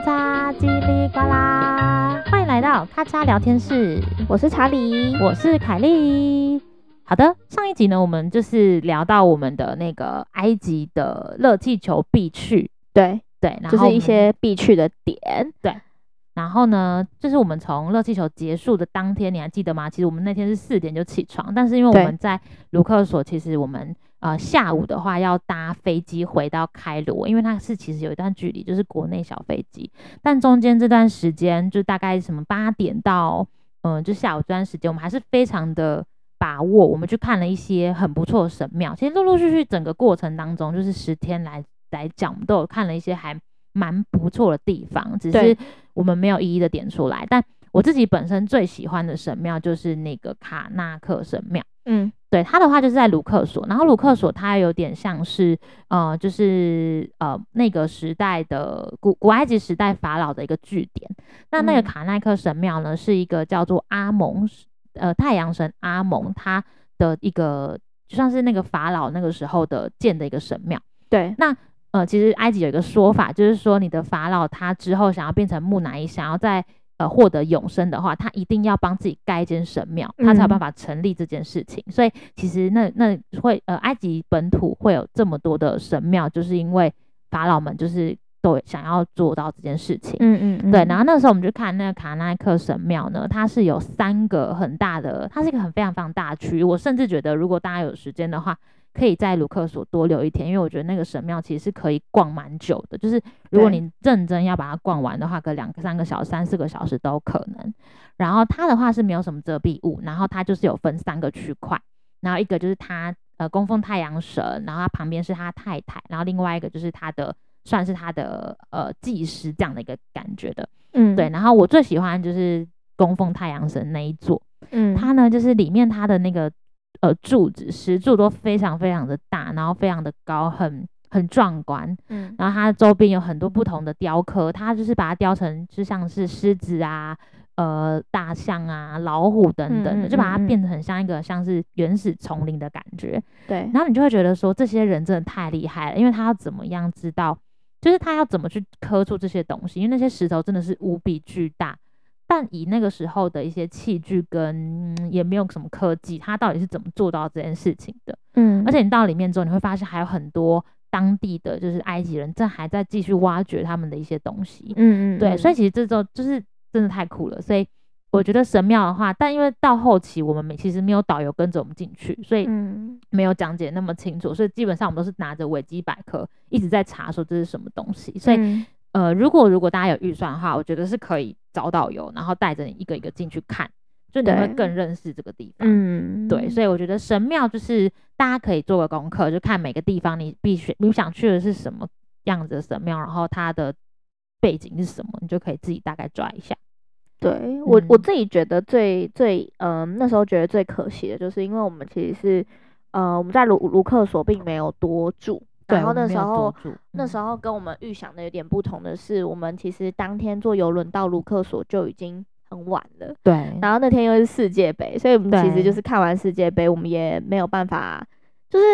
咔嚓，嘰裡呱啦，歡迎來到咔嚓聊天室。我是查理，我是凱力。好的，上一集呢，我們就是聊到我們的那個埃及的熱氣球必去。對對，然後，就是一些必去的點。對，然後呢，就是我們從熱氣球結束的當天，你還記得嗎？其實我們那天是四點就起床，但是因為我們在盧克索，其實我們。嗯呃，下午的話要搭飛機回到開羅，因為它是其實有一段距離，就是國內小飛機。但中間這段時間，就大概什麼八點到，嗯、呃，就下午這段時間，我們還是非常的把握。我們去看了一些很不錯的神廟。其實陸陸續續整個過程當中，就是十天來來講，我們都有看了一些還蠻不錯的地方，只是我們沒有一一的點出來。但我自己本身最喜歡的神廟就是那個卡納克神廟。嗯，對，他的話就是在盧克索，然後盧克索它有點像是呃，就是呃那個時代的古古埃及時代法老的一個據點。那那個卡納克神廟呢、嗯，是一個叫做阿蒙，呃太陽神阿蒙他的一個就像是那個法老那個時候的建的一個神廟。對，那呃其實埃及有一個說法，就是說你的法老他之後想要變成木乃伊，想要在呃，獲得永生的話，他一定要幫自己蓋一間神廟，他才有辦法成立這件事情。嗯嗯，所以其實那那會呃，埃及本土會有這麼多的神廟，就是因為法老們就是都想要做到這件事情。嗯嗯，嗯，對。然後那時候我們就看那個卡納克神廟呢，它是有三個很大的，它是一個很非常非常大區。我甚至覺得，如果大家有時間的話，可以在盧克索多留一天，因為我覺得那個神廟其實是可以逛蠻久的。就是如果你認真要把它逛完的話，可兩三個小時、三四個小時都可能。然後它的話是沒有什麼遮蔽物，然後它就是有分三個區塊，然後一個就是它呃供奉太陽神，然後它旁邊是它太太，然後另外一個就是它的算是它的呃祭司這樣的一個感覺的。嗯，對。然後我最喜歡就是供奉太陽神那一座。嗯，它呢就是裡面它的那個。呃，柱子、石柱都非常非常的大，然後非常的高，很很壯觀。嗯，然後它周邊有很多不同的雕刻，嗯、它就是把它雕成，就像是獅子啊、呃、大象啊、老虎等等的，嗯嗯嗯嗯就把它變得很像一個像是原始叢林的感覺。對，然後你就會覺得說，這些人真的太厲害了，因為他要怎麼樣知道，就是他要怎麼去刻出這些東西，因為那些石頭真的是無比巨大。但以那個時候的一些器具跟、嗯、也沒有什麼科技，它到底是怎麼做到這件事情的？嗯，而且你到裡面之後，你會發現還有很多當地的就是埃及人正還在繼續挖掘他們的一些東西。嗯對嗯，所以其實這時候就是真的太酷了。所以我覺得神廟的話，但因為到後期我們沒其實沒有導遊跟着我們進去，所以沒有講解那麼清楚，所以基本上我們都是拿着維基百科一直在查，說這是什麼東西。所以、嗯呃，如果如果大家有預算的話，我覺得是可以找導遊，然後帶着你一個一個進去看，就你會更認識這個地方。嗯，對，所以我覺得神廟就是大家可以做個功課，就看每個地方你必須你想去的是什麼樣子的神廟，然後它的背景是什麼，你就可以自己大概抓一下。對，嗯。我我自己覺得最最呃那時候覺得最可惜的就是，因為我們其實是呃我們在盧盧克索並沒有多住。然後那時候，那時候跟我們預想的有點不同的是，嗯、我們其實當天坐遊輪到盧克索就已經很晚了。對，然後那天又是世界杯，所以我們其實就是看完世界杯，我們也沒有辦法，就是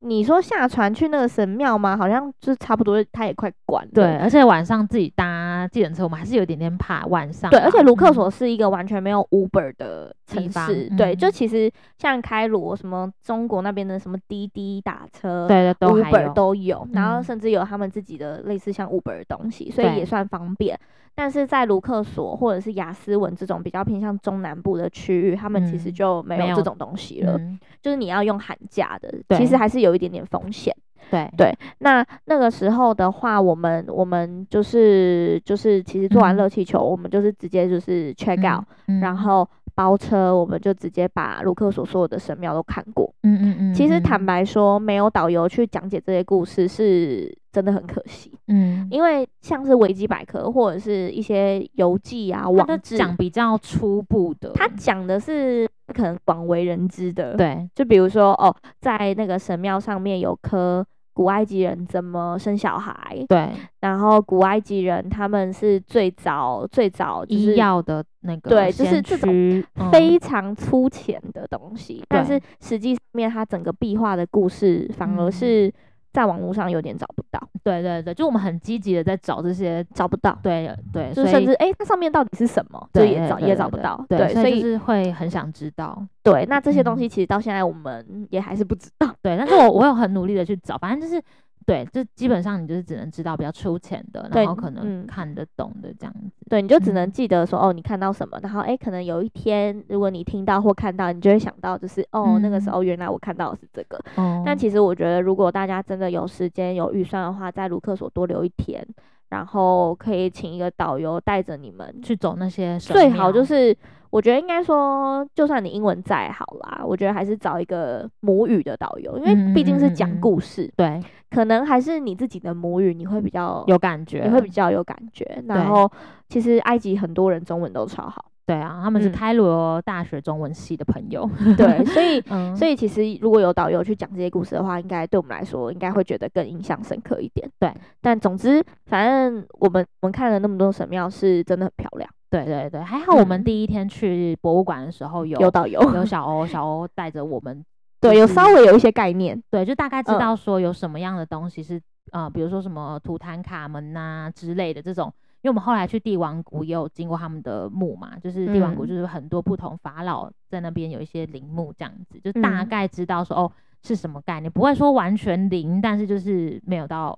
你說下船去那個神廟嗎？好像就差不多，他也快關了。對，而且晚上自己搭。騎、啊、單車，我們還是有點點怕晚上，啊。對，而且盧克索是一個完全沒有 Uber 的城市，嗯。對，就其實像開羅什麼中國那邊的什麼滴滴打車，對 Uber 都有，嗯，然後甚至有他們自己的類似像 Uber 的東西，所以也算方便。但是在盧克索或者是亞斯文這種比較偏向中南部的區域，他們其實就沒有這種東西了，就是你要用喊價的，其實還是有一點點風險。對對，那那個時候的話，我們我們就是就是，其實做完熱氣球、嗯，我們就是直接就是 check out，、嗯嗯、然後包車，我們就直接把盧克索所，所有的神廟都看過。嗯嗯嗯。其實坦白說，沒有導遊去講解這些故事，是真的很可惜。嗯。因為像是維基百科或者是一些遊記啊，網講比較初步的，他講的是可能廣為人知的。對，就比如說哦，在那個神廟上面有顆。古埃及人怎麼生小孩？對，然後古埃及人他們是最早最早、就是、醫藥的那個，對，就是這種非常粗淺的東西，嗯、但是實際上面它整個壁畫的故事反而是。嗯在網絡上有點找不到，對對對，就我們很積極的在找這些找不到，對對，就甚至哎、欸，它上面到底是什麼，對，就也找對對對對也找不到，對，對，對，對，對，所以就是會很想知道，對，那這些東西其實到現在我們也還是不知道，嗯、對，但是我我有很努力的去找， 反正就是。對，就基本上你就是只能知道比較粗淺的，然後可能看得懂的這樣子。對，嗯、對你就只能記得說、嗯、哦，你看到什麼，然後哎、欸，可能有一天如果你聽到或看到，你就會想到就是哦，那個時候原來我看到的是這個。嗯、但其實我覺得，如果大家真的有時間有預算的話，在盧克索多留一天。然後可以請一個導遊帶着你們去走那些，最好就是我覺得應該說，就算你英文再好啦，我覺得還是找一個母語的導遊，因為畢竟是講故事，對，可能還是你自己的母語你會比較有感覺，你會比較有感覺。然後其實埃及很多人中文都超好。對啊，他們是開羅大學中文系的朋友。嗯、對，所以、嗯、所以其實如果有導遊去講這些故事的話，應該對我們來說應該會覺得更印象深刻一點。對，但總之反正我們我們看了那麼多神廟是真的很漂亮對。對對對，還好我們第一天去博物館的時候有有導遊有小歐小歐帶着我們，對，有稍微有一些概念，嗯、對，就大概知道說有什麼樣的東西是啊、呃呃，比如說什麼圖坦卡門吶、啊、之類的這種。因為我們後來去帝王谷也有經過他們的墓嘛，就是帝王谷就是很多不同法老在那邊有一些陵墓這樣子，嗯、就大概知道說哦是什麼概念，嗯、你不會說完全零，但是就是沒有到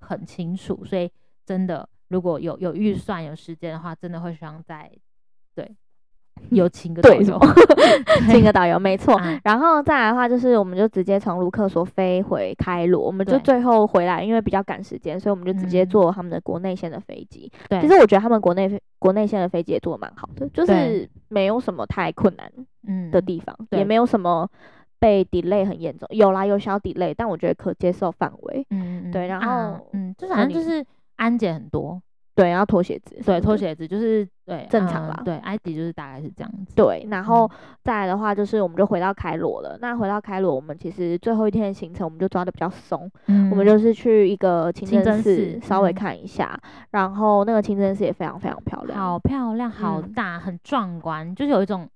很清楚，所以真的如果有有預算有時間的話，真的會希望在。有請個導遊，請個導遊， 沒錯、嗯。然後再來的話，就是我們就直接從盧克索飛回開羅、嗯，我們就最後回來，因為比較趕時間，所以我們就直接坐他們的國內線的飛機。對，其、就、實、是、我覺得他們國內飛國內線的飛機也做的蠻好的，就是沒有什麼太困難的地方，對，也沒有什麼被 delay 很嚴重，有啦，有小 delay，但我覺得可接受範圍、嗯。嗯，對。然後嗯，嗯，就是反正就是安檢很多。對，要脫鞋子。對，脫鞋子就是對正常吧、嗯。對，埃及就是大概是這樣子。對，然後、嗯、再來的話，就是我們就回到開羅了。那回到開羅，我們其實最後一天的行程我們就抓得比較鬆、嗯，我們就是去一個清真寺稍微看一下、嗯，然後那個清真寺也非常非常漂亮，好漂亮，好大，嗯、很壯觀，就是有一種。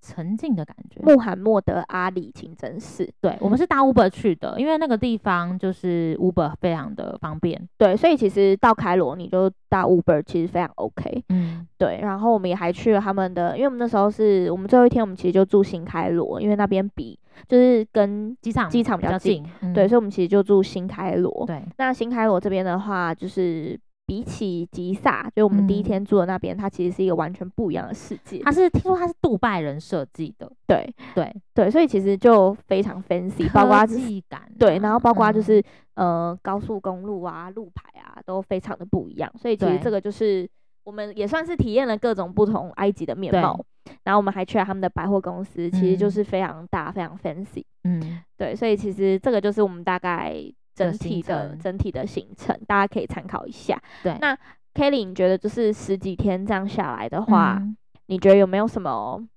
沉浸的感覺。穆罕默德阿里清真寺。對，我們是搭 Uber 去的，因為那個地方就是 Uber 非常的方便。嗯、對，所以其實到開羅你就搭 Uber 其實非常 OK。嗯，對。然後我們也還去了他們的，因為我們那時候是我們最後一天，我們其實就住新開羅，因為那邊比就是跟機場機場比較近，比較近、嗯。對，所以我們其實就住新開羅。對，那新開羅這邊的話就是。比起吉薩，就我們第一天住的那邊、嗯，它其實是一個完全不一樣的世界的。它是聽說它是杜拜人設計的，對對對，所以其實就非常 fancy，科技感啊、包括，對，然後包括就是、嗯、呃高速公路啊、路牌啊，都非常的不一樣。所以其實這個就是我們也算是體驗了各種不同埃及的面貌。然後我們還去了他們的百貨公司、嗯，其實就是非常大、非常 fancy，嗯，對，所以其實這個就是我們大概。整體的，的整體的行程，大家可以參考一下。對，那凱力，你覺得就是十幾天這樣下來的話、嗯，你覺得有沒有什麼？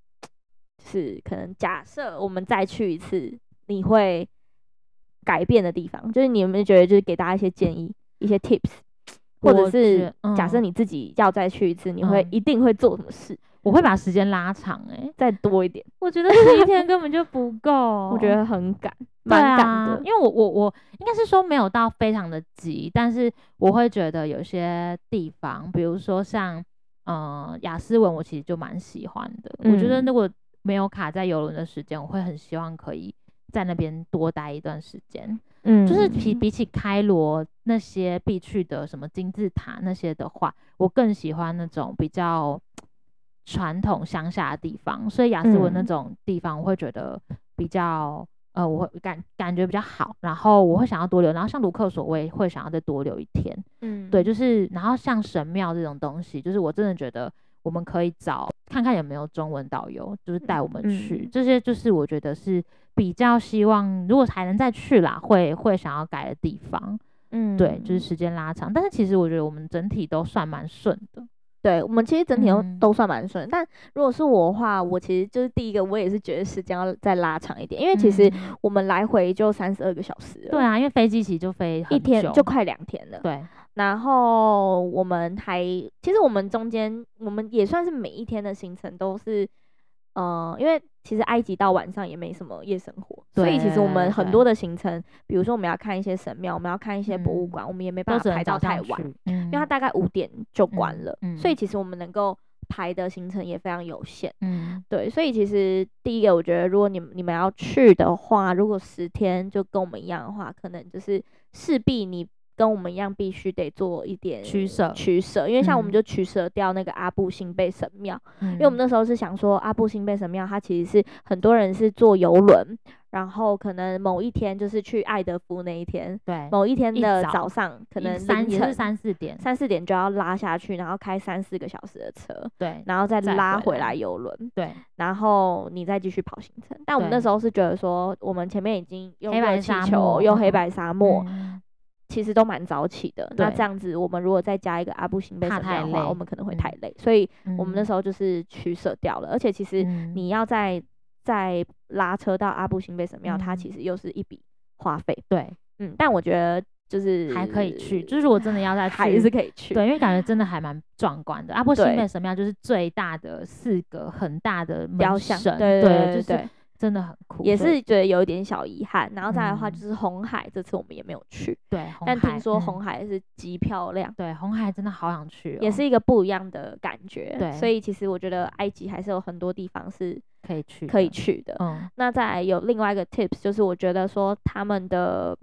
就是可能假設我們再去一次，你會改變的地方，就是你有沒有覺得就是給大家一些建議、一些 tips、嗯、或者是假設你自己要再去一次，你會、嗯、一定會做什麼事？我會把時間拉長、欸，再多一點。 我覺得十一天根本就不夠， 我覺得很趕，蠻趕、啊、的。因為我我我應該是說沒有到非常的急，但是我會覺得有些地方，比如說像嗯、呃、亞斯文，我其實就蠻喜歡的、嗯。我覺得如果沒有卡在遊輪的時間，我會很希望可以在那邊多待一段時間、嗯。就是比比起開羅那些必去的什麼金字塔那些的話，我更喜歡那種比較。傳統鄉下的地方，所以亞斯文那種地方，我會覺得比較、嗯、呃，我會感感覺比較好，然後我會想要多留。然後像盧克索我也會想要再多留一天。嗯，對，就是然後像神廟這種東西，就是我真的覺得我們可以找看看有沒有中文導遊，就是帶我們去。嗯、這些就是我覺得是比較希望，如果還能再去啦，會會想要改的地方。嗯，對，就是時間拉長。但是其實我覺得我們整體都算蠻順的。對我們其實整體都、嗯、都算蠻順，但如果是我的話，我其實就是第一個，我也是覺得時間要再拉長一點，因為其實我們來回就三十二個小時。對啊，因為飛機其實就飛一天，就快兩天了。對，然後我們還其實我們中間我們也算是每一天的行程都是。嗯、呃，因為其實埃及到晚上也沒什麼夜生活，所以其實我們很多的行程，比如說我們要看一些神廟，我們要看一些博物館、嗯，我們也沒辦法排到太晚，嗯、因為它大概五點就關了、嗯嗯，所以其實我們能夠排的行程也非常有限。嗯、對，所以其實第一個，我覺得，如果你你們要去的話，如果十天就跟我們一樣的話，可能就是勢必你。跟我們一樣，必須得做一點取捨，取捨。因為像我們，就取捨掉那個阿布辛貝神廟，嗯。因為我們那時候是想說，阿布辛貝神廟，它其實是很多人是坐遊輪，然後可能某一天就是去愛德夫那一天，對，某一天的早上可能三，早，可能三、三四點，三四點就要拉下去，然後開三四個小時的車，對，然後再拉回來遊輪，對，然後你再繼續跑行程。但我們那時候是覺得說，我們前面已經用過氣球，用黑白沙漠。嗯其實都蠻早起的，那這樣子，我們如果再加一個阿布辛貝神廟的話，我們可能會太累、嗯，所以我們那時候就是取捨掉了。嗯、而且，其實你要再、嗯、再拉車到阿布辛貝神廟、嗯，它其實又是一筆花費。對，嗯，但我覺得就是還可以去，就是如果真的要再去，還是可以去，對，因為感覺真的還蠻壯觀的，的，觀的。阿布辛貝神廟就是最大的四個很大的雕像，對對對。對對對對對。真的很酷，也是覺得有一點小遺憾。然後再來的話，就是紅海、嗯，這次我們也沒有去。對，但聽說紅海是極漂亮、嗯。對，紅海真的好想去、哦，也是一個不一樣的感覺。對，所以其實我覺得埃及還是有很多地方是可以去、可以去的。嗯，那再有另外一個 tips，就是我覺得說他們的，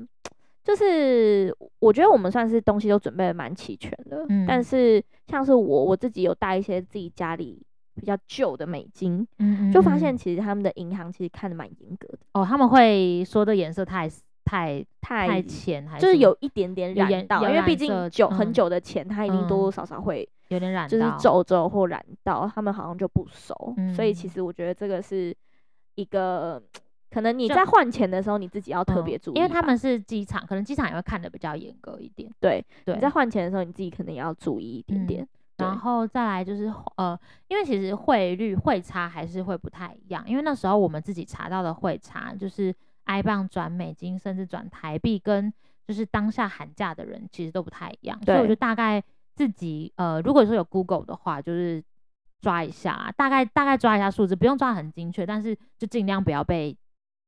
就是我覺得我們算是東西都準備得蠻齊全的。嗯，但是像是我我自己有帶一些自己家裡。比較舊，的美金，嗯嗯嗯，就發現其實他們的銀行其實看得蠻嚴格的哦。他們會說的顏色太太太淺，太淺還是、就是有一點點染到，染因為畢竟久很久的錢，它、嗯、一定多多少少會皺皺到、嗯、有點染，就是皺皺或染到，他們好像就不收、嗯。所以其實我覺得這個是一個可能你在換錢的時候，你自己要特別注意、嗯，因為他們是機場，可能機場也會看得比較嚴格一點。對，對你在換錢的時候，你自己可能也要注意一點點。嗯然後再來就是呃，因為其實匯率匯差還是會不太一樣，因為那時候我們自己查到的匯差，就是埃鎊轉美金甚至轉台幣，跟就是當下喊價的人其實都不太一樣，所以我就大概自己呃，如果說有 Google 的話，就是抓一下、啊，大概大概抓一下數字，不用抓很精確，但是就儘量不要被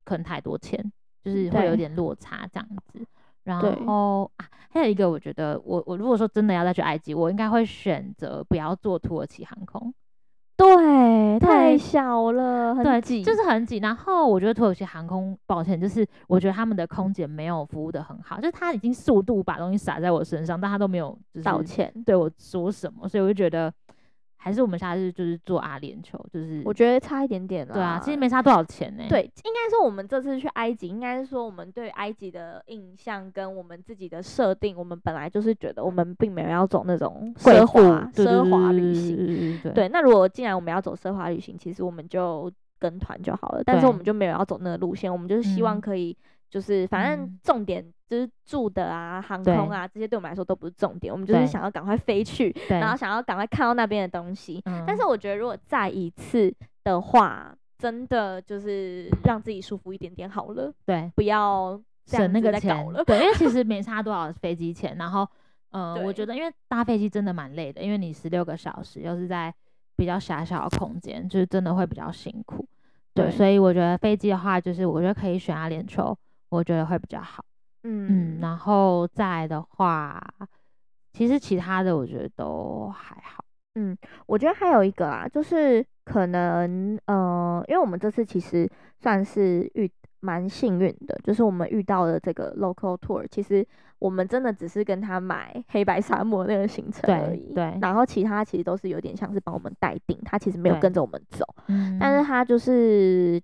坑太多錢，就是會有點落差這樣子。然後啊，還有一個，我覺得我我如果說真的要再去埃及，我應該會選擇不要坐土耳其航空，對，太小了，對，很擠，就是很擠。然後我覺得土耳其航空，抱歉，就是我覺得他們的空姐沒有服務的很好，就是他已經速度把東西灑在我身上，但他都沒有道歉，對我說什麼，所以我就覺得。還是我們下次就是坐阿聯酋，就是我覺得差一點點了。對啊，其實沒差多少錢呢、欸。對，應該說我們這次去埃及，應該是說我們對埃及的印象跟我們自己的設定，我們本來就是覺得我們並沒有要走那種奢華奢華旅行。對對，對，對對，那如果既然我們要走奢華旅行，其實我們就跟團就好了，但是我們就沒有要走那個路線，我們就是希望可以、嗯。就是反正重點就是住的啊、嗯、航空啊這些對我們來說都不是重點，我們就是想要趕快飛去，然後想要趕快看到那邊的東西、嗯。但是我覺得如果再一次的話，真的就是讓自己舒服一點點好了，對，不要省那個錢了。對，因為其實沒差多少的飛機錢。 然後，呃，我覺得因為搭飛機真的蠻累的，因為你十六個小時又、就是在比較狹小、小小的空間，就是真的會比較辛苦。對，對所以我覺得飛機的話，就是我覺得可以選阿聯酋。我覺得會比較好，嗯,嗯然後再來的話，其實其他的我覺得都還好，嗯，我覺得還有一個啊，就是可能，呃，因為我們這次其實算是遇蠻幸運的，就是我們遇到的這個 local tour，其實我們真的只是跟他買黑白沙漠那個行程而已，對，對然後其他其實都是有點像是幫我們代訂，他其實沒有跟着我們走，但是他就是。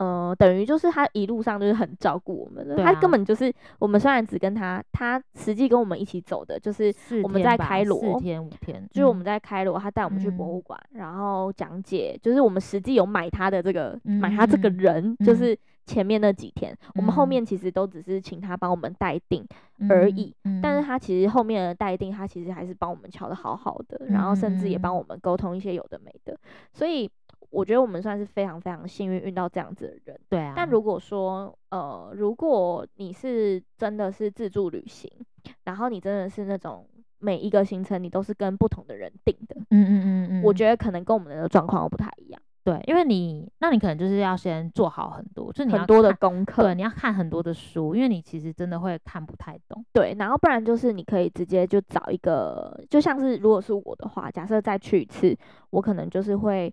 嗯、呃，等於就是他一路上就是很照顧我們的，對啊。他根本就是我們雖然只跟他，他實際跟我們一起走的，就是我們在開羅四天吧，四天五天，嗯、就是我們在開羅，他帶我們去博物館、嗯，然後講解，就是我們實際有買他的這個，嗯，買他這個人，嗯，就是前面那幾天，嗯，我們後面其實都只是請他幫我們帶訂而已，嗯嗯，但是他其實後面的帶訂，他其實還是幫我們喬得好好的，然後甚至也幫我們溝通一些有的沒的，所以。我覺得我們算是非常非常幸運，遇到這樣子的人。對啊。但如果說，呃，如果你是真的是自助旅行，然後你真的是那種每一個行程你都是跟不同的人定的，嗯嗯嗯，嗯我覺得可能跟我們的狀況不太一樣。對，因為你，那你可能就是要先做好很多，就你很多的功課，對，你要看很多的書，因為你其實真的會看不太懂。對，然後不然就是你可以直接就找一個，就像是如果是我的話，假設再去一次，我可能就是會。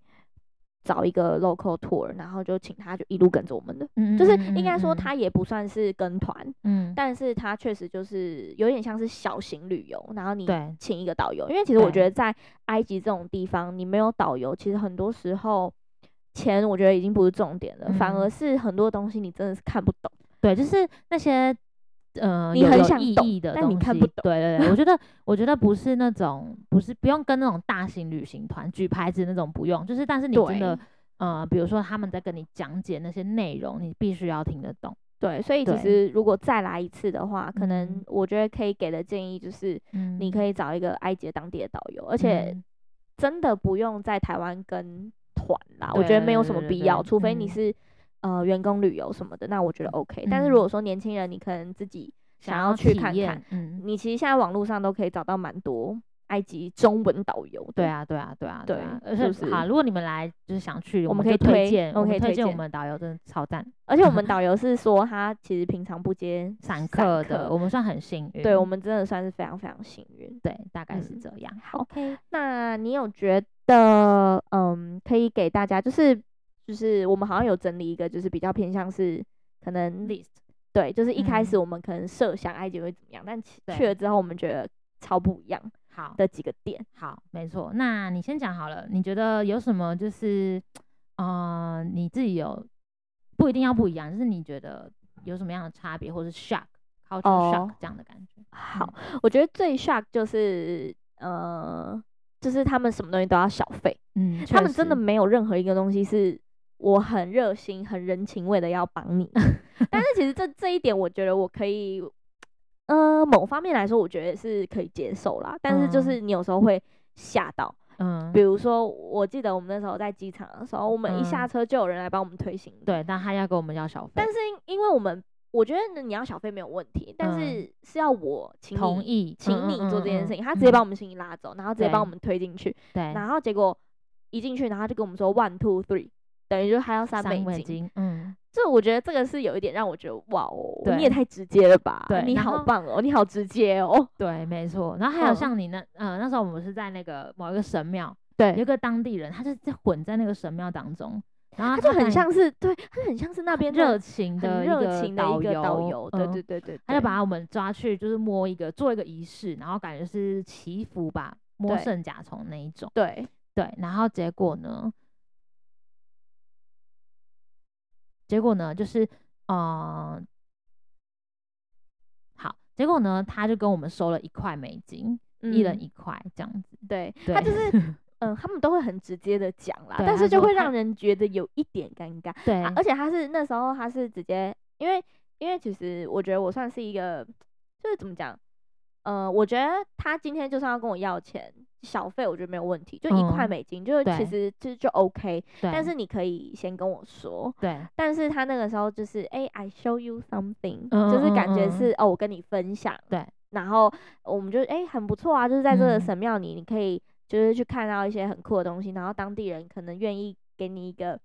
找一個 local tour，然後就請他，就一路跟着我們的，嗯、就是應該說他也不算是跟團，嗯，但是他確實就是有點像是小型旅遊，然後你請一個導遊，因為其實我覺得在埃及這種地方，你沒有導遊，其實很多時候錢我覺得已經不是重點了，嗯，反而是很多東西你真的是看不懂，對，就是那些。嗯、呃，你很想有，有意義的東西，但你看不懂，對對對， 我覺得我覺得不是那種，不是不用跟那種大型旅行團舉牌子那種，不用，就是但是你真的、呃，比如說他們在跟你講解那些內容，你必須要聽得懂，對，所以其實如果再來一次的話，可能我覺得可以給的建議就是，你可以找一個埃及當地的導遊、嗯，而且真的不用在台灣跟團啦，我覺得沒有什麼必要，對對對對，除非你是。呃，員工旅遊什麼的,那我覺得 OK。但是如果說年輕人，你可能自己想要去看看，嗯嗯、你其實現在網絡上都可以找到蠻多埃及中文導遊。對啊，對啊，對啊，對啊。是不是？就是，好，如果你們來就是想去，我們可以推薦，我們可以推薦我們，我們，我們導遊真的超讚。而且我們導遊是說他其實平常不接散客的，客我們算很幸運。對，我們真的算是非常非常幸運。對，大概是這樣。嗯、OK，那你有覺得嗯，可以給大家就是。就是我們好像有整理一個，就是比較偏向是可能 list，嗯、對，就是一開始我們可能設想埃及會怎麼樣，但去了之後我們覺得超不一樣。好的幾個點，好，沒錯。那你先講好了，你覺得有什麼就是，呃，你自己有不一定要不一樣，就是你覺得有什麼樣的差別，或者是 shock，好像 shock 這樣的感覺，哦。好，我覺得最 shock 就是，呃，就是他們什麼東西都要小費，嗯，他們真的沒有任何一個東西是。我很熱心、很人情味的要幫你， 但是其實這這一點，我覺得我可以，呃，某方面來說，我覺得是可以接受啦。但是就是你有時候會嚇到，嗯，比如說我記得我們那時候在機場的時候、嗯，我們一下車就有人來幫我們推行李、嗯，對，但他要跟我們要小費。但是因為我們，我覺得你要小費沒有問題，但是是要我請你同意，請你做這件事情。嗯嗯嗯嗯，他直接把我們行李拉走，然後直接幫我們推進去，對，然後結果一進去，然後他就跟我們說 one two three。等於就還要三美金。嗯，就我覺得這個是有一點讓我覺得哇哦，對，你也太直接了吧？對，你好棒哦，你好直接哦。對，沒錯。然後還有像你那、嗯，呃，那時候我們是在那個某一個神廟，對，有一個當地人，他就在混在那個神廟當中，然後他就很像是，對他很像是那邊熱情的、熱情的一個導遊，導、嗯、遊對對,對對對，他就把我們抓去，就是摸一個，做一個儀式，然後感覺是祈福吧，摸聖甲蟲那一種。對對,對，然後結果呢？結果呢，就是，嗯、呃，好，結果呢，他就跟我們收了一塊美金，嗯，一人一塊這樣子。對，他就是，嗯、 呃，他們都會很直接的講啦，但是就會讓人覺得有一點尷尬。對，啊，而且他是那時候他是直接，因為因為其實我覺得我算是一個，就是怎麼講？呃，我覺得他今天就算要跟我要錢小費，我覺得沒有問題，就一塊美金，嗯、就是其實就就 OK。對，但是你可以先跟我說。對，但是他那個時候就是哎、欸、I show you something、嗯、就是感覺是、嗯、哦，我跟你分享。對，然後我們就哎、欸、很不錯啊，就是在這個神廟裡、嗯，你可以就是去看到一些很酷的東西，然後當地人可能願意給你一個。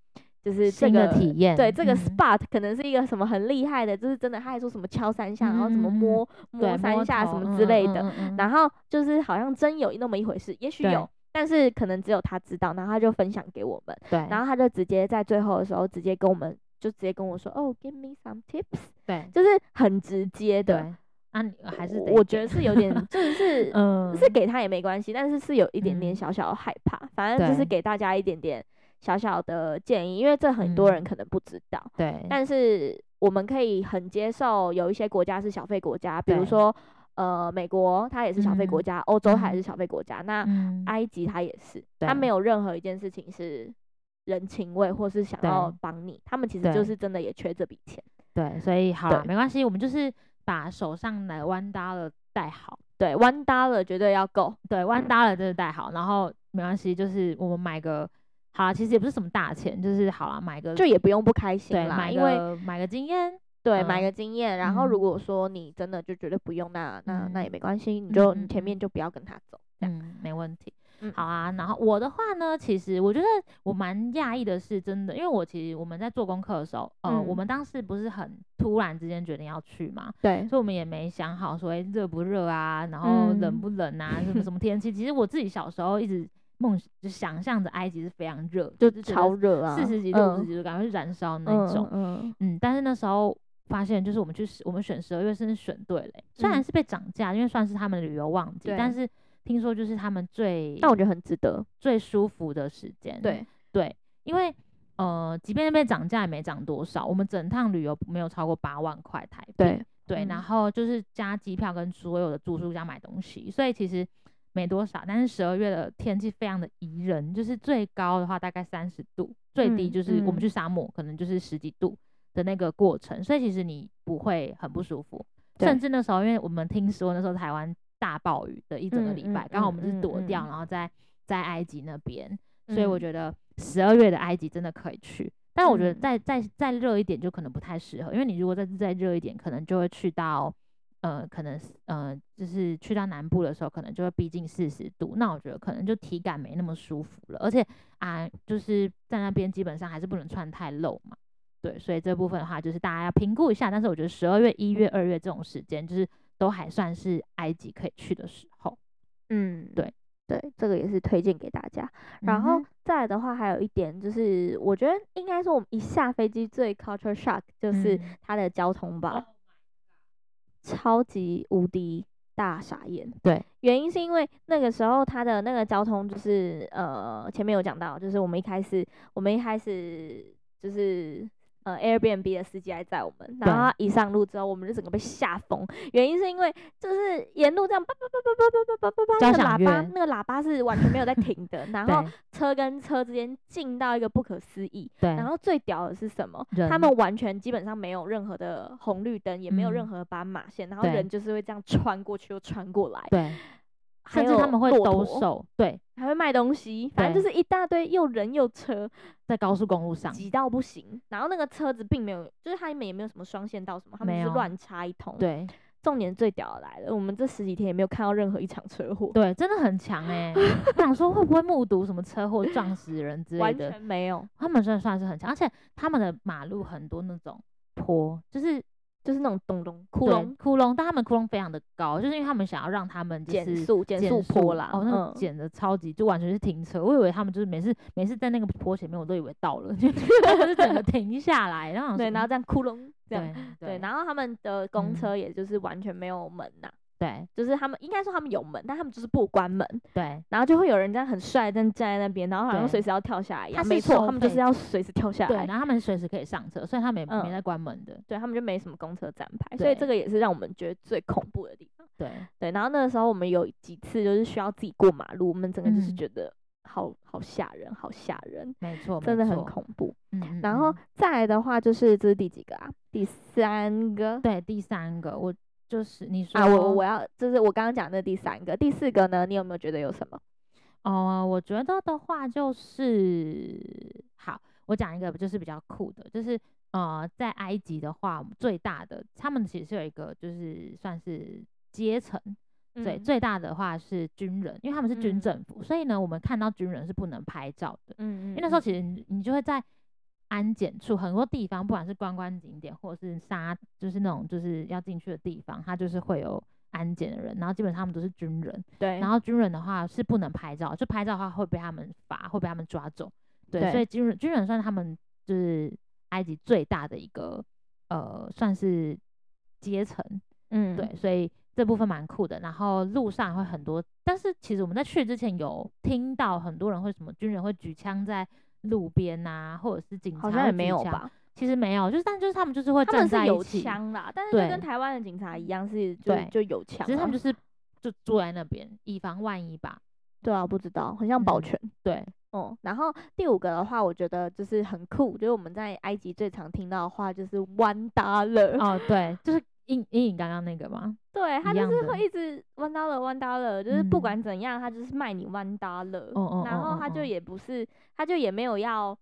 就是這個體驗，對，這個 spot 可能是一個什麼很厲害的、嗯，就是真的，他還說什麼敲三下，嗯、然後怎麼摸摸三下摸什麼之類的、嗯嗯，然後就是好像真有那麼一回事，也許有，但是可能只有他知道，然後他就分享給我們，對，然後他就直接在最後的時候直接跟我們，就直接跟我說，哦，give me some tips，對，就是很直接的，對啊，還是我覺得是有點，就是 嗯，就是給他也沒關係，但是是有一點點小小的害怕，嗯、反正就是給大家一點點小小的建議，因為這很多人可能不知道。嗯、對。但是我們可以很接受，有一些國家是小費國家，比如說，呃，美國它也是小費國家，歐、嗯、洲它也是小費國家、嗯。那埃及它也是、嗯，它沒有任何一件事情是人情味或是想要幫你，他們其實就是真的也缺這筆錢。對，所以好沒關係，我們就是把手上的 one dollar 帶好。對，one dollar 絕對要夠。對，one dollar 真的帶好，然後沒關係，就是我們買個。好啦，其實也不是什麼大錢，就是好啊買個就也不用不開心啦，買，因為買個買個經驗，對，嗯、買個經驗。然後如果說你真的就覺得不用那、嗯，那那那也沒關係，你就、嗯、你前面就不要跟他走，這樣、嗯、沒問題、嗯。好啊。然後我的話呢，其實我覺得我蠻訝異的是，真的，因為我其實我們在做功課的時候，嗯、呃，我們當時不是很突然之間決定要去嘛，對，所以我們也沒想好說熱不熱啊，然後冷不冷啊，嗯、什麼什麼天氣。 其實我自己小時候一直。夢就想象着埃及是非常熱，就是超熱啊，四十幾度、嗯、五十幾度，感覺是燃燒那種。嗯,嗯,嗯但是那時候發現，就是我們去我們選十二月，甚至選對了。雖然是被漲價、嗯，因為算是他們的旅遊旺季，但是聽說就是他們最……那我覺得很值得，最舒服的時間。對對，因為呃，即便那邊漲價也沒漲多少，我們整趟旅遊沒有超過八萬塊台幣。對對、嗯，然後就是加機票跟所有的住宿加買東西，所以其實。沒多少，但是十二月的天氣非常的宜人，就是最高的話大概三十度、嗯，最低就是我們去沙漠、嗯、可能就是十幾度的那個過程，嗯、所以其實你不會很不舒服。甚至那時候，因為我們聽說那時候台灣大暴雨的一整個禮拜，剛好、嗯、我們就是躲掉，嗯、然後在在埃及那邊、嗯，所以我覺得十二月的埃及真的可以去。嗯、但我覺得再再再熱一點就可能不太適合，因為你如果再再熱一點，可能就會去到。呃，可能是呃，就是去到南部的時候，可能就會逼近四十度。那我覺得可能就體感沒那麼舒服了，而且啊，就是在那邊基本上還是不能穿太露嘛。對，所以這部分的話就是大家要評估一下。但是我覺得十二月、一月、二月這種時間，就是都還算是埃及可以去的時候。嗯，對對，這個也是推薦給大家。然後再來的話，還有一點就是，嗯、我覺得應該說我們一下飛機最 culture shock 就是它的交通吧。嗯超級無敵大傻眼，對，原因是因為那個時候他的那個交通就是，呃，前面有講到，就是我們一開始，我們一開始就是。呃，Airbnb 的司機來載我們，然後他一上路之後，我們就整個被嚇瘋。原因是因為就是沿路這樣叭叭叭叭叭叭叭叭叭叭，那個喇叭，那個喇叭是完全沒有在停的。然後車跟車之間近到一個不可思議。然後最屌的是什麼？他們完全基本上沒有任何的紅綠燈，也沒有任何斑馬線。然後人就是會這樣穿過去又穿過來。對。對。對甚至他們會兜售，對，還會賣東西，反正就是一大堆又人又車在高速公路上擠到不行。然後那個車子並沒有，就是他們也沒有什麼雙線道什麼，他們、就是亂插一通。對，重點最屌的來了，我們這十幾天也沒有看到任何一場車禍。對，真的很強哎、欸，我 想說會不會目睹什麼車禍撞死人之類的，完全沒有。他們算算是很強，而且他們的馬路很多那種坡，就是。就是那種咚咚窟窿窟窿，但他們窟窿非常的高，就是因為他們想要讓他們就是、減速、減速坡啦。喔、那種減的超級、嗯，就完全是停車。我以為他們就是每次、嗯、每次在那個坡前面，我都以為到了， 就是整個停下來。然後對，然後這樣窟窿這樣對對，對，然後他們的公車也就是完全沒有門吶、啊。嗯對，就是他們應該說他們有門，但他們就是不關門。對，然後就會有人這樣很帥，但站在那邊，然後好像隨時要跳下來一樣。沒錯，他們就是要隨時跳下來。然後他們隨時可以上車，雖然他們也沒、嗯、沒在關門的。對，他們就沒什麼公車站牌，所以這個也是讓我們覺得最恐怖的地方。對對，然後那個時候我們有幾次就是需要自己過馬路，我們整個就是覺得好、嗯、好嚇人，好嚇人。沒錯，真的很恐怖。嗯，然後再來的話、就是，就是這是第幾個啊？第三個。對，第三個我。就是你說，說啊，我我要就是我剛剛講的第三個、第四個呢，你有沒有覺得有什麼？哦、呃，我覺得的話就是，好，我講一個就是比較酷的，就是呃，在埃及的話，最大的他們其實是有一個就是算是階層、嗯，對，最大的話是軍人，因為他們是軍政府，嗯嗯，所以呢，我們看到軍人是不能拍照的，嗯，嗯，嗯，因為那時候其實你就會在。安檢處很多地方，不管是觀光景點或者是沙，就是那種就是要進去的地方，它就是會有安檢的人。然後基本上他們都是軍人，對。然後軍人的話是不能拍照，就拍照的話會被他們罰，會被他們抓走。對。對所以軍人軍人算他們就是埃及最大的一個呃，算是階層，嗯，對。所以這部分蠻酷的。然後路上會很多，但是其實我們在去之前有聽到很多人會什麼軍人會舉槍在。路邊吶、啊，或者是警察，好像也沒有吧，其實沒有，就是但就是他們就是會站在一起。他們是有槍啦，但是就跟台灣的警察一樣，是就就有槍、啊。其實他們就是就坐在那邊，以防萬一吧。對啊，不知道，很像保全。嗯、對，哦、嗯。然後第五個的話，我覺得就是很酷，就是我們在埃及最常聽到的話就是 one dollar。哦，對，就是。影陰影剛剛那個嗎？對，他就是會一直 one dollar one dollar，就是不管怎樣，他就是賣你 one dollar、嗯。Oh, oh, oh, oh, oh. 然後他就也不是，他就也沒有要，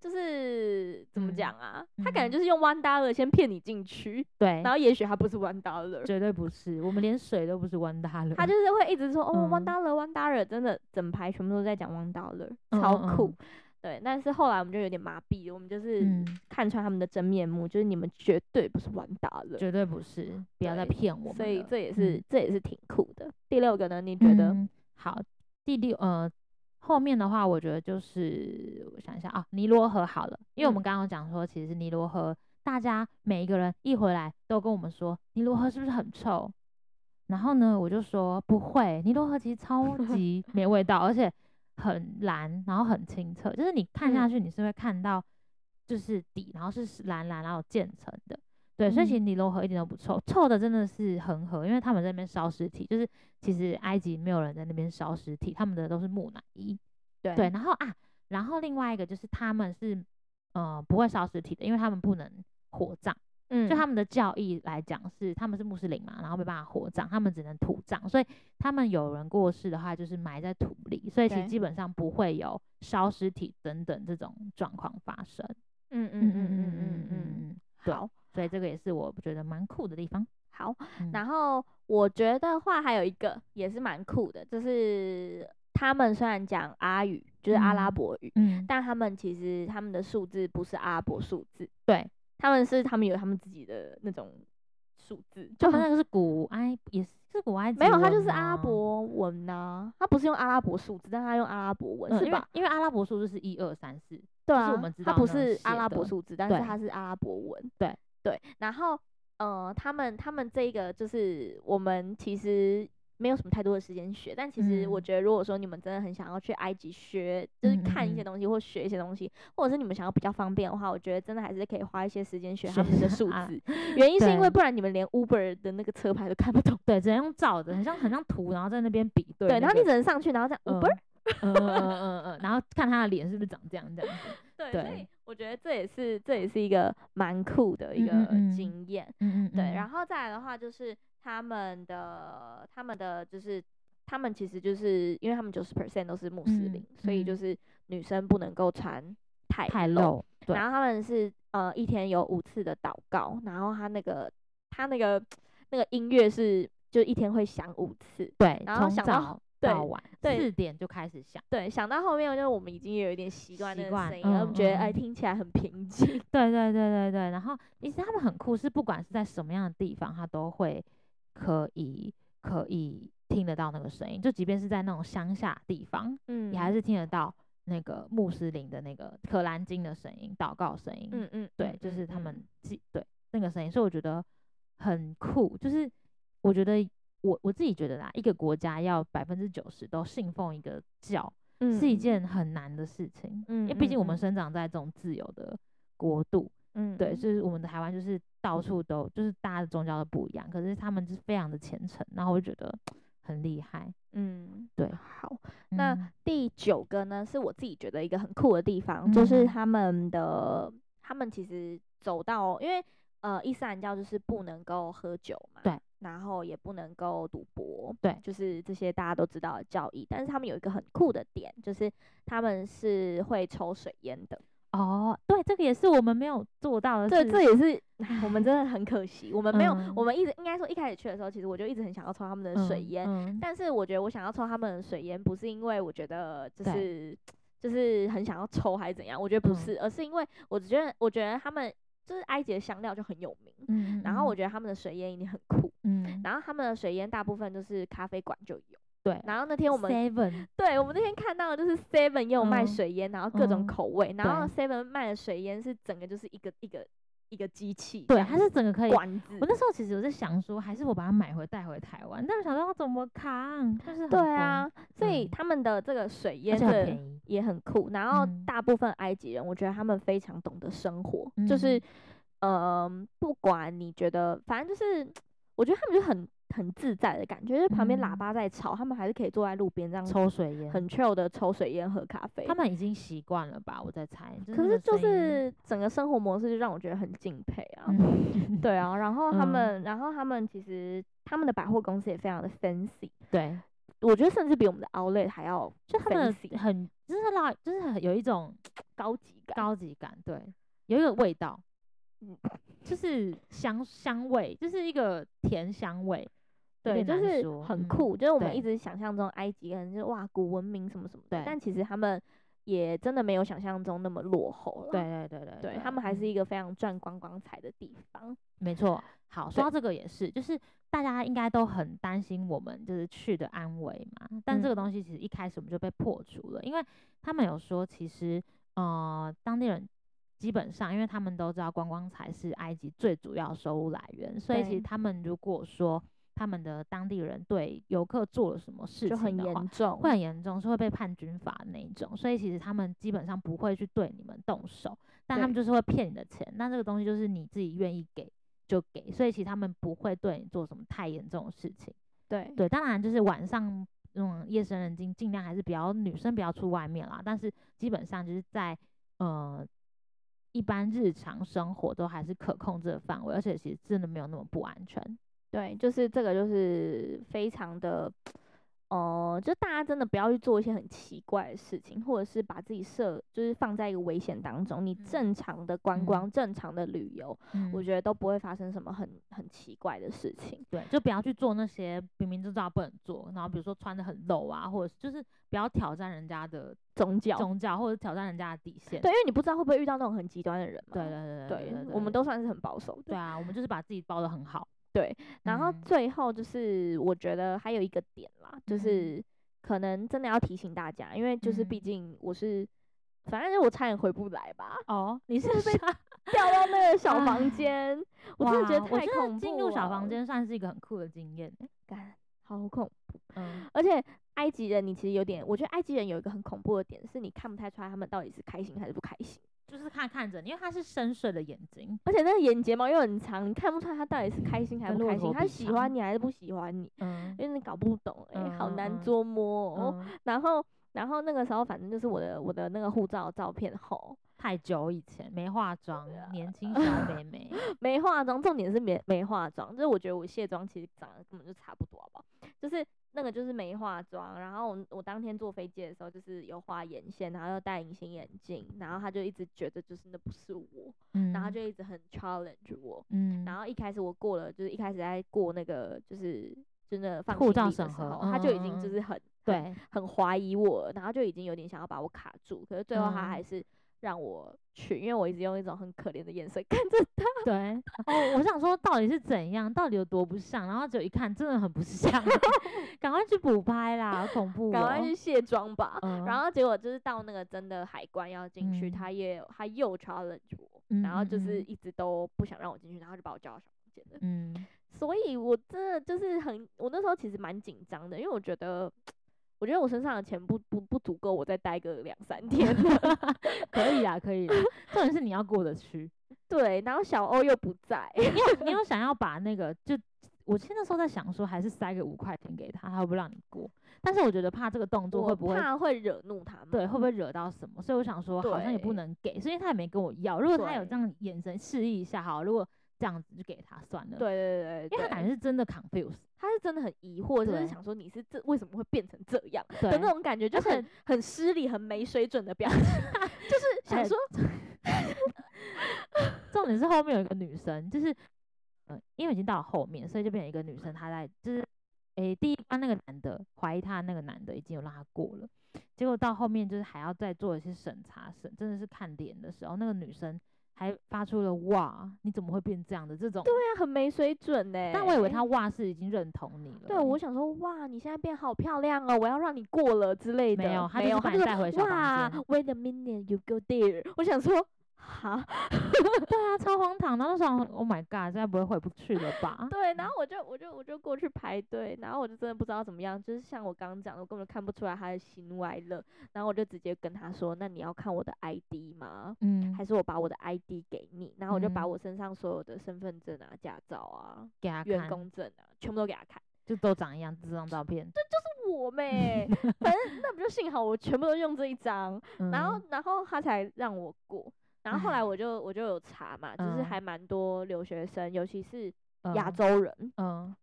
就是怎麼講啊、嗯？他感覺就是用 one dollar 先騙你進去。對。然後也許他不是 one dollar。絕對不是，我們連水都不是 one dollar。 他就是會一直說哦 one dollar one dollar，真的、嗯、整排全部都在講 one dollar，超酷。嗯嗯對，但是後來我們就有點麻痹，我們就是看穿他們的真面目，嗯、就是你們絕對不是完大人，絕對不是對，不要再騙我們。所以這也是、嗯、這也是挺酷的。第六個呢？你覺得、嗯、好？第六，呃，後面的話，我覺得就是我想一下啊，尼羅河好了，因為我們剛剛講說，其實尼羅河、嗯，大家每一個人一回來都跟我們說，尼羅河是不是很臭？然後呢，我就說不會，尼羅河其實超級沒味道， 而且。很藍，然後很清澈，就是你看下去，你是會看到就是底，嗯、然後是藍藍，然後漸層的，對、嗯。所以其實尼羅河一點都不臭，臭的真的是恆河，因為他們在那邊燒屍體，就是其實埃及沒有人在那邊燒屍體，他們的都是木乃伊對，對。然後啊，然後另外一個就是他們是嗯、呃、不會燒屍體的，因為他們不能火葬。嗯，就他們的教義來講，是他們是穆斯林嘛，然後沒辦法火葬，他們只能土葬，所以他們有人過世的話，就是埋在土裡，所以其實基本上不會有燒屍體等等這種狀況發生。嗯嗯嗯嗯嗯嗯嗯嗯，好，好，所以這個也是我覺得蠻酷的地方。好，嗯、然後我覺得話還有一個也是蠻酷的，就是他們雖然講阿語，就是阿拉伯語，嗯嗯、但他們其實他們的數字不是阿拉伯數字，對。他們是，他們有他們自己的那種數字，就他那個是古埃，也是，是古埃及、啊，沒有，他就是阿拉伯文啊，他不是用阿拉伯數字，但他用阿拉伯文，嗯、是吧？因為，因為阿拉伯數字是一二三四，對、就是我們知道，啊他不是阿拉伯數字，但是他是阿拉伯文，對對，對。然後，呃，他們他們這個就是我們其實。沒有什麼太多的時間學，但其實我覺得，如果說你們真的很想要去埃及學，嗯、就是看一些東西或學一些東西、嗯，或者是你們想要比較方便的話，我覺得真的還是可以花一些時間學他們的數字。啊、原因是因為不然你們連 Uber 的那個車牌都看不懂，對，對只能用照的，很像很像圖，然後在那邊比對。對、那個，然後你只能上去，然後這樣 Uber，嗯嗯嗯嗯，然後看他的臉是不是長這樣這樣子。 對。對對我覺得這也是這也是一個蠻酷的一個經驗，嗯嗯嗯嗯嗯，對。然後再來的話就是他們的他們的就是他們其實就是因為他們九十 percent 都是穆斯林嗯嗯，所以就是女生不能夠穿太太露。對。然後他們是呃一天有五次的禱告，然後他那個他那個那個音樂是就一天會響五次，對，然後響到。到晚四點就開始響，對，響到後面，就我們已經有一點習慣的聲音，然後我們覺得哎、嗯嗯欸，聽起來很平靜。對對對對對，然後其實他們很酷，是不管是在什麼樣的地方，他都會可以可以聽得到那個聲音，就即便是在那種鄉下的地方，嗯，你還是聽得到那個穆斯林的那個可蘭經的聲音、禱告聲音。嗯嗯，對，就是他們記、嗯、對那個聲音，所以我覺得很酷，就是我覺得。我我自己覺得啦，一個國家要百分之九十都信奉一個教，嗯，是一件很難的事情，嗯，因為畢竟我們生長在這種自由的國度，嗯，對，就，嗯，是我們的台灣就是到處都，嗯，就是大家的宗教都不一樣，可是他們是非常的虔誠，然後我就覺得很厲害，嗯，對，好，嗯，那第九個呢是我自己覺得一個很酷的地方，嗯，就是他們的他們其實走到，因為呃伊斯蘭教就是不能夠喝酒嘛，對。然後也不能夠賭博，對，就是這些大家都知道的教義。但是他們有一個很酷的點，就是他們是會抽水煙的哦。對，這個也是我們沒有做到的事。這這也是我們真的很可惜，我們沒有。嗯、我們一直應該說一開始去的時候，其實我就一直很想要抽他們的水煙、嗯嗯。但是我覺得我想要抽他們的水煙，不是因為我覺得就是就是很想要抽還是怎樣，我覺得不是，嗯、而是因為我覺得我覺得他們就是埃及的香料就很有名，嗯嗯然後我覺得他們的水煙一定很酷。嗯，然後他們的水煙大部分都是咖啡館就有，對。然後那天我們，Seven. 對，我們那天看到的就是 Seven 也有賣水煙，嗯，然後各種口味。嗯、然後 Seven 賣的水煙是整個就是一個一個一個機器，對，它是整個可以管子。我那時候其實我是想說，還是我把它買回帶回台灣，但是想到要怎麼扛，但是對啊，嗯。所以他們的這個水煙對，也很酷。然後大部分埃及人，我覺得他們非常懂得生活，嗯、就是、呃，不管你覺得，反正就是。我覺得他們就很很自在的感覺，就、嗯、旁邊喇叭在吵，他們還是可以坐在路邊這樣抽水煙，很 chill 的抽水煙、喝咖啡。他們已經習慣了吧？我在猜。就是、可是就是整個生活模式就讓我覺得很敬佩啊，嗯、對啊。然後他們，嗯、然後他們其實他們的百貨公司也非常的 fancy，對，我覺得甚至比我們的 outlet 還要 fancy，就他們很就是拉，就是很有一種高級感，高級感，對，有一個味道。嗯，就是香香味，就是一個甜香味，對，就是很酷、嗯。就是我們一直想象中埃及人，就是哇，古文明什麼什麼的，對。但其實他們也真的沒有想象中那麼落後了。對對對對，對，對，對,對他們還是一個非常賺觀光財的地方。嗯、沒錯。好，說到這個也是，就是大家應該都很擔心我們就是去的安危嘛。但這個東西其實一開始我們就被破除了，嗯、因為他們有說，其實呃，當地人。基本上，因為他們都知道觀光財是埃及最主要收入來源，所以其實他們如果說他們的當地人對遊客做了什麼事情就很嚴重，會很嚴重，是會被判軍法那一種。所以其實他們基本上不會去對你們動手，但他們就是會騙你的錢。那這個東西就是你自己願意給就給，所以其實他們不會對你做什麼太嚴重的事情。對對，當然就是晚上那種、嗯、夜深人靜，盡量還是比較女生不要出外面啦。但是基本上就是在呃。一般日常生活都還是可控制的範圍，而且其實真的沒有那麼不安全。對，就是這個，就是非常的。哦、呃，就大家真的不要去做一些很奇怪的事情，或者是把自己設，就是放在一個危險當中。你正常的觀光、嗯、正常的旅遊、嗯，我覺得都不會發生什麼很很奇怪的事情。對，就不要去做那些明明就知道不能做，然後比如說穿得很露啊，或者就是不要挑戰人家的宗教，宗教、宗教，或者挑戰人家的底線。對，對，對，對，對，因為你不知道會不會遇到那種很極端的人。對對對對，我們都算是很保守。對，對啊，我們就是把自己包得很好。對，然後最後就是我覺得還有一個點啦，嗯、就是可能真的要提醒大家，嗯、因為就是畢竟我是，反正就我差點回不來吧。哦，你是不是被掉到那個小房間、啊？我真的覺得太，我覺得恐怖、哦、進入小房間算是一個很酷的經驗。幹，好恐怖。嗯，而且埃及人，你其實有點，我覺得埃及人有一個很恐怖的點，是你看不太出來他們到底是開心還是不開心。就是看看着，因為他是深邃的眼睛，而且那個眼睫毛又很長，你看不出來他到底是開心還是不開心，嗯，他喜歡你還是不喜歡你，嗯，因為你搞不懂，欸，誒、嗯，好難捉摸，喔嗯。然後，然後那個時候反正就是我的我的那個護照照片，吼，太久以前沒化妝，啊，年輕小妹妹， 沒化妝，重點是沒沒化妝，就是我覺得我卸妝其實長得根本就差不多，吧，就是。那個就是沒化妝，然後我我當天坐飛機的時候就是有畫眼線，然後又戴隱形眼鏡，然後他就一直覺得就是那不是我，嗯、然後就一直很 challenge 我、嗯，然後一開始我過了，就是一開始在過那個就是真的護照審核的時候，他就已經就是很對、嗯、很懷疑我，然後就已經有點想要把我卡住，可是最後他還是。嗯讓我去，因為我一直用一種很可憐的眼神看着他。對，哦，我想說到底是怎樣，到底有多不像，然後就一看，真的很不像，趕 快去補拍啦，恐怖、喔！趕快去卸妝吧，呃。然後結果就是到那個真的海關要進去，嗯，他也他又 challenge 我嗯嗯嗯，然後就是一直都不想讓我進去，然後就把我叫到小房間的。嗯，所以我真的就是很，我那時候其實蠻緊張的，因為我覺得。我覺得我身上的錢不不不足夠，我再待個兩三天， 可以啊，可以啊。 重點是你要過得去。對，然後小歐又不在， 你有你有想要把那個就，我現在那時候在想說，還是塞個五塊錢給他，他會不讓你過？但是我覺得怕這個動作會不會我怕會惹怒他？對，會不會惹到什麼？所以我想說，好像也不能給，所以他也沒跟我要。如果他有這樣眼神示意一下，好，如果。這樣子就給他算了。對對對，對，因為他感覺是真的 confuse，他是真的很疑惑，就是想說，你是這為什麼會變成這樣？對的那種感覺就很很失禮、很沒水準的表情， 就是想說、欸。 重點是後面有一個女生，就是，嗯、呃，因為已經到了後面，所以就變成一個女生，她在就是，誒、欸，第一關那個男的懷疑他那個男的已經有讓他過了，結果到後面就是還要再做一些審查審，真的是看臉的時候，那個女生。還發出了哇，你怎麼會變這樣的這種？對啊，很沒水準哎、欸！但我以為他哇是已經認同你了。對，我想說哇，你現在變好漂亮哦，我要讓你過了之類的。沒有，沒有，把他帶回去。哇，Wait a minute，you go there。我想說。哈， 對啊，超荒唐。然後我想，Oh my god，現在不會回不去了吧？對，然後我就我就我就過去排隊，然後我就真的不知道怎麼樣，就是像我剛剛講，我根本看不出來他的喜怒哀樂。然後我就直接跟他說：“那你要看我的 ID 嗎？嗯，還是我把我的 ID 給你？”然後我就把我身上所有的身份證啊、駕照啊給他、員工證啊，全部都給他看，就都長一樣，這張照片。對，就是我唄。 反正那不就幸好我全部都用這一張、嗯，然後然後他才讓我過。然後後來我就、嗯、我就有查嘛，就是還蠻多留學生，嗯、尤其是亞洲人嗯，嗯，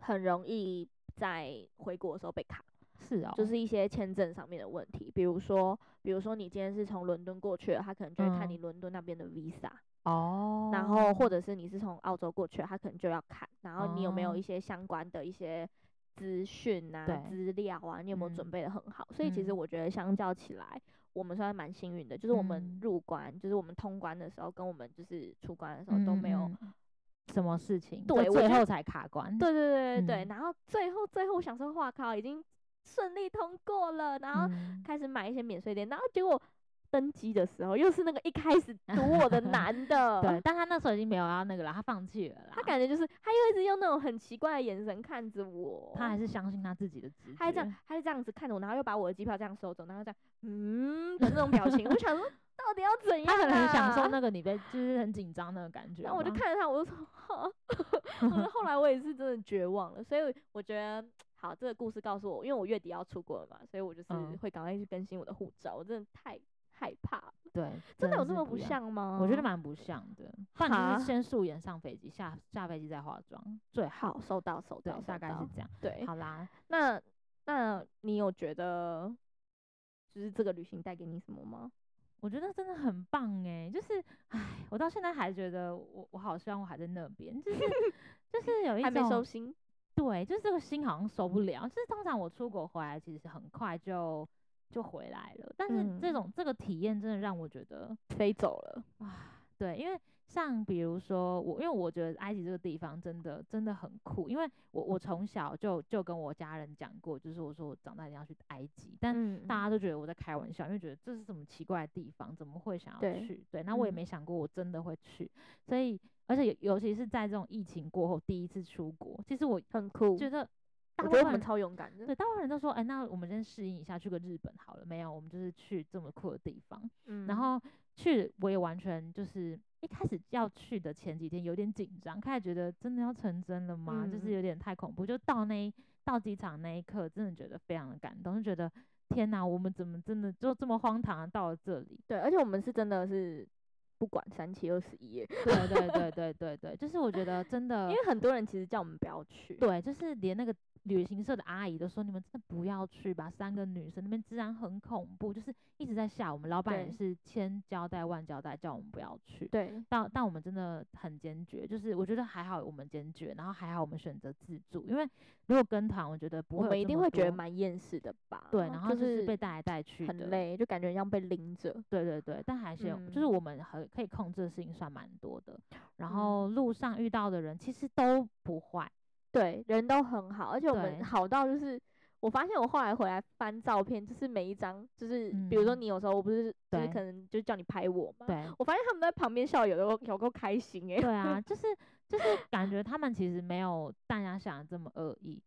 很容易在回國的時候被卡，是啊、哦，就是一些簽證上面的問題，比如說比如說你今天是從倫敦過去的，他可能就會看你倫敦那邊的 visa，哦，然後或者是你是從澳洲過去的，他可能就要看，然後你有沒有一些相關的一些資訊啊、資料啊，你有沒有準備的很好、嗯，所以其實我覺得相較起來，我們算是蠻幸運的，就是我們入關、嗯，就是我們通關的時候，跟我們就是出關的時候、嗯、都沒有什麼事情，對我，最後才卡關，對對對對，對、嗯對，然後最後最後想說哇靠已經順利通過了，然後開始買一些免稅店，然後結果。嗯登機的時候，又是那個一開始堵我的男的。 對，但他那時候已經沒有要那個了，他放棄了啦。他感覺就是他又一直用那種很奇怪的眼神看着我、嗯。他還是相信他自己的直覺。他就這樣，他就這樣子看着我，然後又把我的機票這樣收走，然後這樣，嗯，的那種表情。 我就想說，到底要怎樣、啊？他可能享受那個你被，就是很緊張那個感覺。然後我就看着他，我就說，呵呵呵後來我也是真的絕望了。所以我覺得，好，這個故事告訴我，因為我月底要出國了嘛，所以我就是會趕快去更新我的護照。我真的太。害怕，對，真的有這麼不像嗎？我覺得蠻不像的。但、嗯、正就是先素顏上飛機，下下飛機再化妝，最好收到收到，大概是這樣。對，好啦，那那你有覺得就是這個旅行帶給你什麼嗎？我覺得真的很棒哎、欸，就是哎，我到現在還覺得我我好希望我還在那邊，就是 就是有一種還沒收心，對，就是這個心好像收不了。就是通常我出國回來，其實是很快就。就回來了，但是這種、嗯、這個體驗真的讓我覺得飛走了啊！對，因為像比如說我，因為我覺得埃及這個地方真的真的很酷，因為我我從小就就跟我家人講過，就是我說我長大一定要去埃及，但大家都覺得我在開玩笑，嗯、因為覺得這是什麼奇怪的地方，怎麼會想要去？對，那我也沒想過我真的會去，所以而且尤其是在這種疫情過後第一次出國，其實我很酷，覺得。大部分人超勇敢，對，大部分人都說，哎、欸，那我們先適應一下，去個日本好了。沒有，我們就是去這麼酷的地方。嗯、然後去，我也完全就是一開始要去的前幾天有點緊張，開始覺得真的要成真了嗎？嗯、就是有點太恐怖。就到那到機場那一刻，真的覺得非常的感動，就覺得天哪、啊，我們怎麼真的就這麼荒唐啊？到了這裡，對，而且我們是真的是不管三七二十一， 對，對對對對對對，就是我覺得真的，因為很多人其實叫我們不要去，對，就是連那個。旅行社的阿姨都說：“你們真的不要去吧，三個女生那邊治安很恐怖，就是一直在嚇我們。老板也是千交代萬交代，叫我們不要去。對，但但我們真的很堅決，就是我覺得還好，我們堅決，然後還好我們選擇自助，因為如果跟團，我覺得不會，我們一定會覺得蠻厭世的吧。對，然後就是被帶來帶去，很累，就感覺像被拎着。對對對，但還是、嗯、就是我們很可以控制的事情，算蠻多的。然後路上遇到的人其實都不壞。”對，人都很好，而且我們好到就是，我發現我後來回來翻照片，就是每一張，就是、嗯、比如說你有時候我不是，就是可能就叫你拍我嘛，對，我發現他們在旁邊笑得有，有有夠開心誒、欸。對啊， 就是就是感覺他們其實沒有大家想的這麼惡意。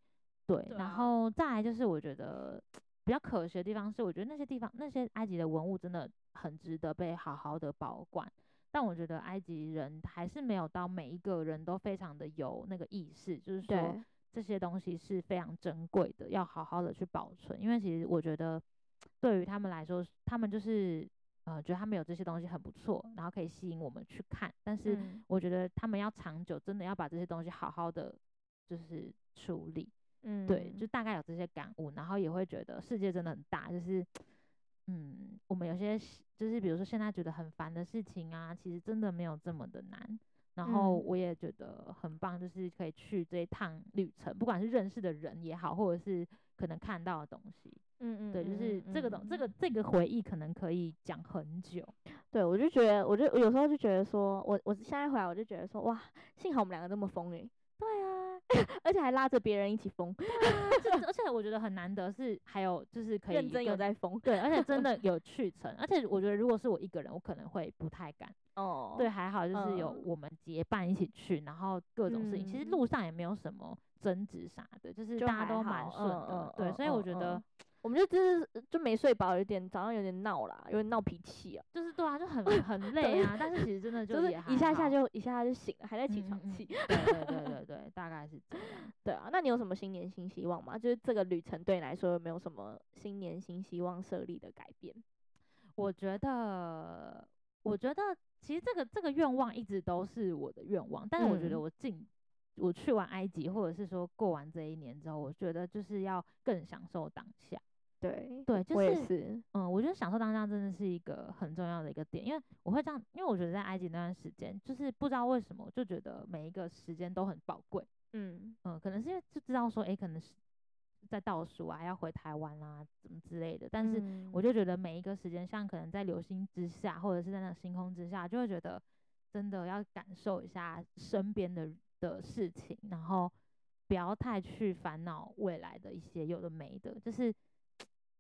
對、對、啊，然後再來就是我覺得比較可惜的地方是，我覺得那些地方那些埃及的文物真的很值得被好好的保管。但我覺得埃及人還是沒有到每一個人都非常的有那個意識，就是說這些東西是非常珍貴的，要好好的去保存。因為其實我覺得，對於他們來說，他們就是呃覺得他們有這些東西很不錯，然後可以吸引我們去看。但是我覺得他們要長久，真的要把這些東西好好的就是處理。嗯，對，就大概有這些感悟，然後也會覺得世界真的很大，就是。嗯，我們有些就是比如說現在覺得很煩的事情啊，其實真的沒有這麼的難。然後我也覺得很棒，就是可以去這一趟旅程，不管是認識的人也好，或者是可能看到的東西，嗯嗯，對，就是這個東、嗯、這個、嗯這個、這個回憶可能可以講很久。對，我就覺得，我就我有時候就覺得說，我我現在回來我就覺得說，哇，幸好我們兩個那麼風雲。 而且還拉着別人一起瘋 而且我覺得很難得是還有就是可以認真有在瘋， 對，而且真的有去成，而且我覺得如果是我一個人，我可能會不太敢哦，對，還好就是有我們結伴一起去，然後各種事情，嗯、其實路上也沒有什麼爭執啥的，就是大家都蠻順的、嗯嗯嗯嗯嗯，對，所以我覺得。我們就就是就沒睡飽，有點早上有點鬧了，有點鬧脾氣啊，就是對啊，就很很累啊但，但是其實真的就、就是一下下就一下下就醒了，還在起床氣、嗯嗯。對對對對，對， 大概是這樣。對啊，那你有什麼新年新希望嗎？就是這個旅程對你來說有沒有什麼新年新希望設立的改變？我覺得，我覺得其實這個這個願望一直都是我的願望，但是我覺得我進我去完埃及，或者是說過完這一年之後，我覺得就是要更享受當下。對對，就是，是嗯，我覺得享受當下真的是一個很重要的一個點，因為我會這樣，因為我覺得在埃及那段時間，就是不知道為什麼，就覺得每一個時間都很寶貴。嗯嗯，可能是因為就知道說，哎、欸，可能是在倒數啊，要回台灣啦、啊，怎麼之類的。但是我就覺得每一個時間，像可能在流星之下，或者是在那星空之下，就會覺得真的要感受一下身邊的的事情，然後不要太去煩惱未來的一些有的沒的，就是。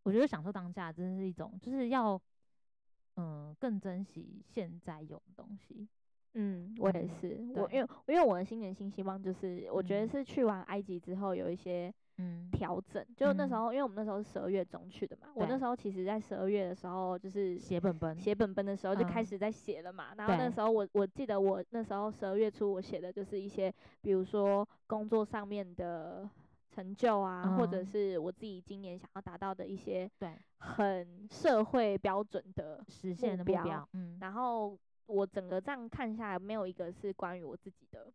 我覺得享受當下真的是一種，就是要，嗯，更珍惜現在有的東西。嗯，嗯，我也是。我因為因為我的新年新希望就是，我覺得是去完埃及之後有一些嗯調整。就那時候、嗯，因為我們那時候是十二月中去的嘛，我那時候其實，在十二月的時候就是寫本本，寫本本的時候就開始在寫了嘛、嗯。然後那時候我我記得我那時候十二月初我寫的就是一些，比如說工作上面的。成就啊，嗯，或者是我自己今年想要達到的一些對很社會標準的標實現的目標。嗯，然後我整個這樣看下來，沒有一個是關於我自己的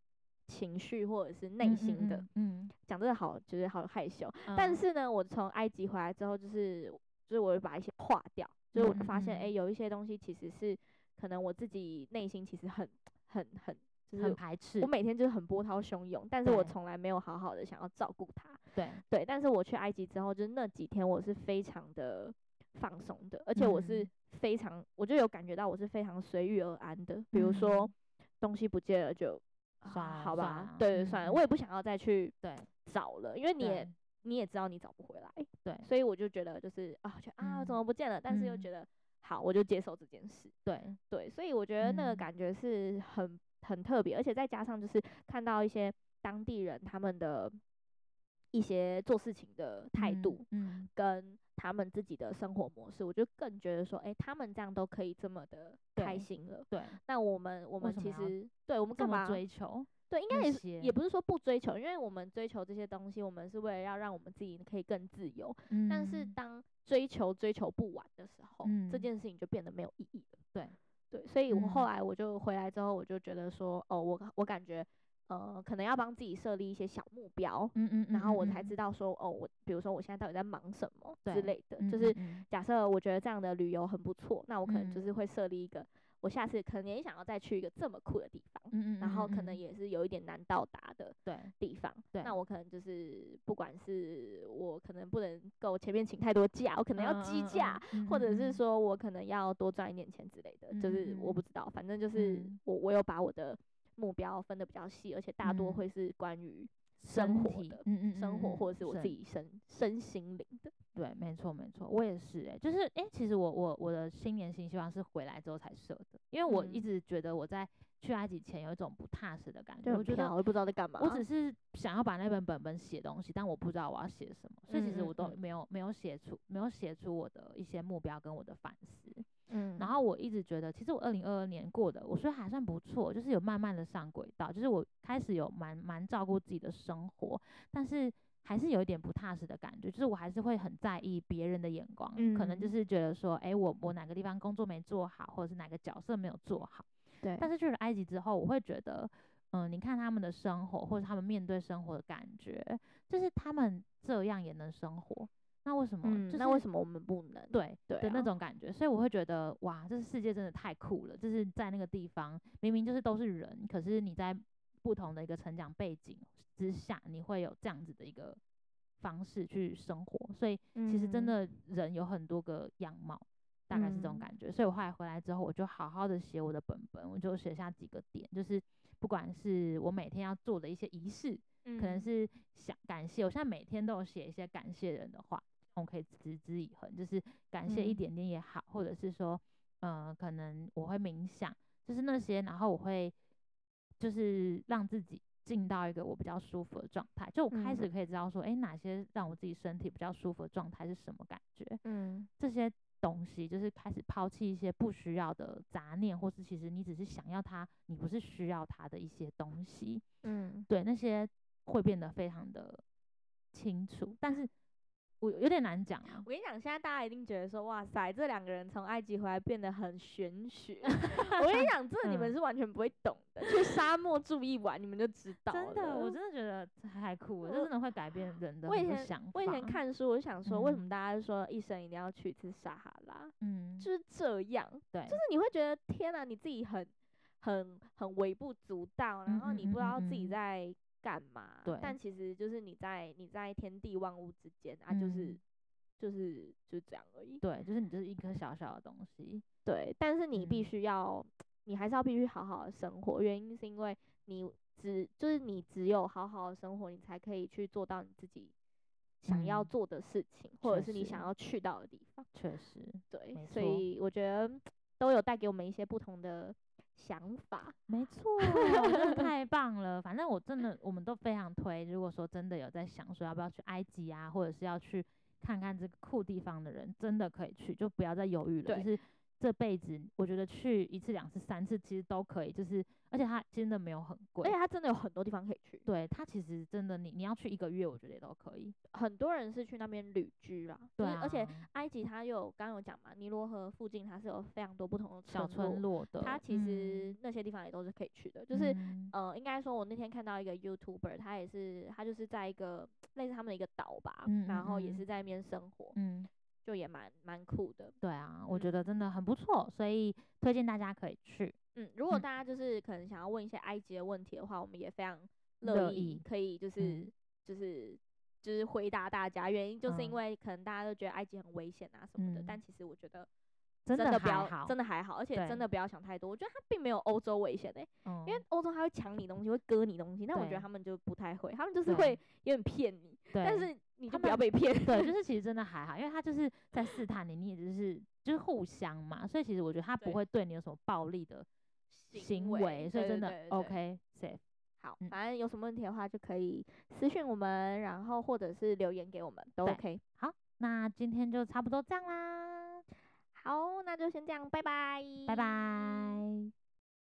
情緒或者是內心的。嗯，嗯，嗯，講、嗯、這個好，就是好害羞。嗯、但是呢，我從埃及回來之後，就是就是我會把一些劃掉，就是我發現哎、嗯嗯嗯欸，有一些東西其實是可能我自己內心其實很很很。很就是、很排斥，我每天就是很波濤洶湧，但是我從來沒有好好的想要照顧他。對對，但是我去埃及之後，就是那幾天我是非常的放鬆的，而且我是非常、嗯，我就有感覺到我是非常隨遇而安的。比如說、嗯、東西不見了就算了、啊算了，好吧，對對，算了，我也不想要再去對找了，因為你也你也知道你找不回來。對，所以我就覺得就是啊，就啊、嗯，怎麼不見了？但是又覺得、嗯、好，我就接受這件事。嗯、對對，所以我覺得那個感覺是很。很特別，而且再加上就是看到一些當地人他們的一些做事情的態度，嗯，嗯，跟他們自己的生活模式，我就更覺得說，誒、欸，他們這樣都可以這麼的開心了。對，對那我們我們其實對我們幹嘛追求？對，應該也也不是說不追求，因為我們追求這些東西，我們是為了要讓我們自己可以更自由。嗯、但是當追求追求不完的時候、嗯，這件事情就變得沒有意義了。對。對，所以我後來我就回來之後，我就覺得說，哦，我我感覺，呃，可能要幫自己設立一些小目標，嗯嗯，嗯，嗯嗯，然後我才知道說，哦，我比如說我現在到底在忙什麼之類的，就是假設我覺得這樣的旅遊很不錯，那我可能就是會設立一個。我下次可能也想要再去一個這麼酷的地方，嗯嗯嗯嗯，然後可能也是有一點難到達的，對，地方，對，那我可能就是，不管是我可能不能夠前面請太多假，我可能要積假，哦哦，或者是說我可能要多賺一點錢之類的，嗯嗯，就是我不知道，反正就是我我有把我的目標分得比較細，而且大多會是關於生活的，身體，嗯嗯嗯，生活或者是我自己身身心靈的。對，沒錯沒錯，我也是誒、欸，就是誒、欸，其實我我我的新年新希望是回來之後才設的，因為我一直覺得我在去埃及前有一種不踏實的感覺，對，我覺得，我也不知道在幹嘛，我只是想要把那本本本寫東西，但我不知道我要寫什麼，所以其實我都沒有沒有寫出沒有寫出我的一些目標跟我的反思，嗯，然後我一直覺得其實我二零二二年過的，我說還算不錯，就是有慢慢的上軌道，就是我開始有蠻蠻照顧自己的生活，但是。還是有一點不踏實的感覺，就是我還是會很在意別人的眼光、嗯，可能就是覺得說，誒、欸，我我哪個地方工作沒做好，或者是哪個角色沒有做好。對。但是去了埃及之後，我會覺得，嗯、呃，你看他們的生活，或者他們面對生活的感覺，就是他們這樣也能生活，那為什麼？嗯就是、那為什麼我們不能？對對、啊。的那種感覺，所以我會覺得，哇，這世界真的太酷了！就是在那個地方，明明就是都是人，可是你在，不同的一個成長背景之下，你會有這樣子的一個方式去生活，所以其實真的人有很多個樣貌，嗯、大概是這種感覺、嗯。所以我後來回來之後，我就好好的寫我的本本，我就寫下幾個點，就是不管是我每天要做的一些儀式、嗯，可能是想感謝，我現在每天都有寫一些感謝的人的話，我可以持之以恆，就是感謝一點點也好，嗯、或者是說，嗯、呃，可能我會冥想，就是那些，然後我會。就是讓自己進到一個我比較舒服的狀態，就我開始可以知道說，哎、嗯欸，哪些讓我自己身體比較舒服的狀態是什麼感覺？嗯，這些東西就是開始拋棄一些不需要的雜念，或是其實你只是想要它，你不是需要它的一些東西。嗯，對，那些會變得非常的清楚，但是。我有點難講啊，我跟你講，現在大家一定覺得說，哇塞，這兩個人從埃及回來變得很玄學。 我跟你講，這你們是完全不會懂的、 嗯。去沙漠住一晚，你們就知道了。真的，我真的覺得太酷了，這真的會改變人的想法。我以前，我以前看書，我就想說，為什麼大家說一生一定要去一次撒哈拉？嗯，就是這樣。對，就是你會覺得，天啊，你自己很、很、很微不足道，嗯哼嗯哼嗯哼。然後你不知道自己在。幹嘛？對，但其實就是你在你在天地萬物之間啊、就是嗯，就是就是就這樣而已。對，就是你就是一顆小小的東西。對，但是你必須要、嗯，你還是要必須好好的生活。原因是因為你只就是你只有好好的生活，你才可以去做到你自己想要做的事情，嗯、或者是你想要去到的地方。確實，對，所以我覺得都有帶給我們一些不同的。想法沒錯喔，真的太棒了。 反正我真的，我們都非常推。如果說真的有在想說要不要去埃及啊，或者是要去看看這個酷地方的人，真的可以去，就不要再猶豫了。就是這輩子我覺得去一次、兩次、三次其實都可以，就是而且它真的沒有很貴，而且它真的有很多地方可以去。對，它其實真的，你你要去一個月，我覺得也都可以。很多人是去那邊旅居啦，對、啊，就是、而且埃及它有剛剛有講嘛，尼羅河附近它是有非常多不同的小村落的，落的它其實那些地方也都是可以去的。嗯、就是、嗯、呃，應該說，我那天看到一個 YouTuber，他也是他就是在一個類似他們的一個島吧，嗯嗯嗯，然後也是在那邊生活，嗯。就也蠻蠻酷的，對啊，我覺得真的很不錯、嗯，所以推薦大家可以去。嗯，如果大家就是可能想要問一些埃及的問題的話，嗯、我們也非常樂意，意可以就是、嗯、就是就是回答大家。原因就是因為可能大家都覺得埃及很危險啊什麼的、嗯，但其實我覺得。真的還好，真的不要，真的還好，而且真的不要想太多。我覺得他並沒有歐洲危險的，欸嗯，因為歐洲他會搶你東西，會割你東西。那我覺得他們就不太會，他們就是會有點騙你。對。但是你就不要被騙。 對，就是其實真的還好，因為他就是在試探你，你也，就是就是互相嘛。所以其實我覺得他不會對你有什麼暴力的行為。對對對對對，所以真的 OK safe 好。好，嗯，反正有什麼問題的話就可以私訊我們，然後或者是留言給我們都 OK。好，那今天就差不多這樣啦。哦，那就先這樣，拜拜，拜拜。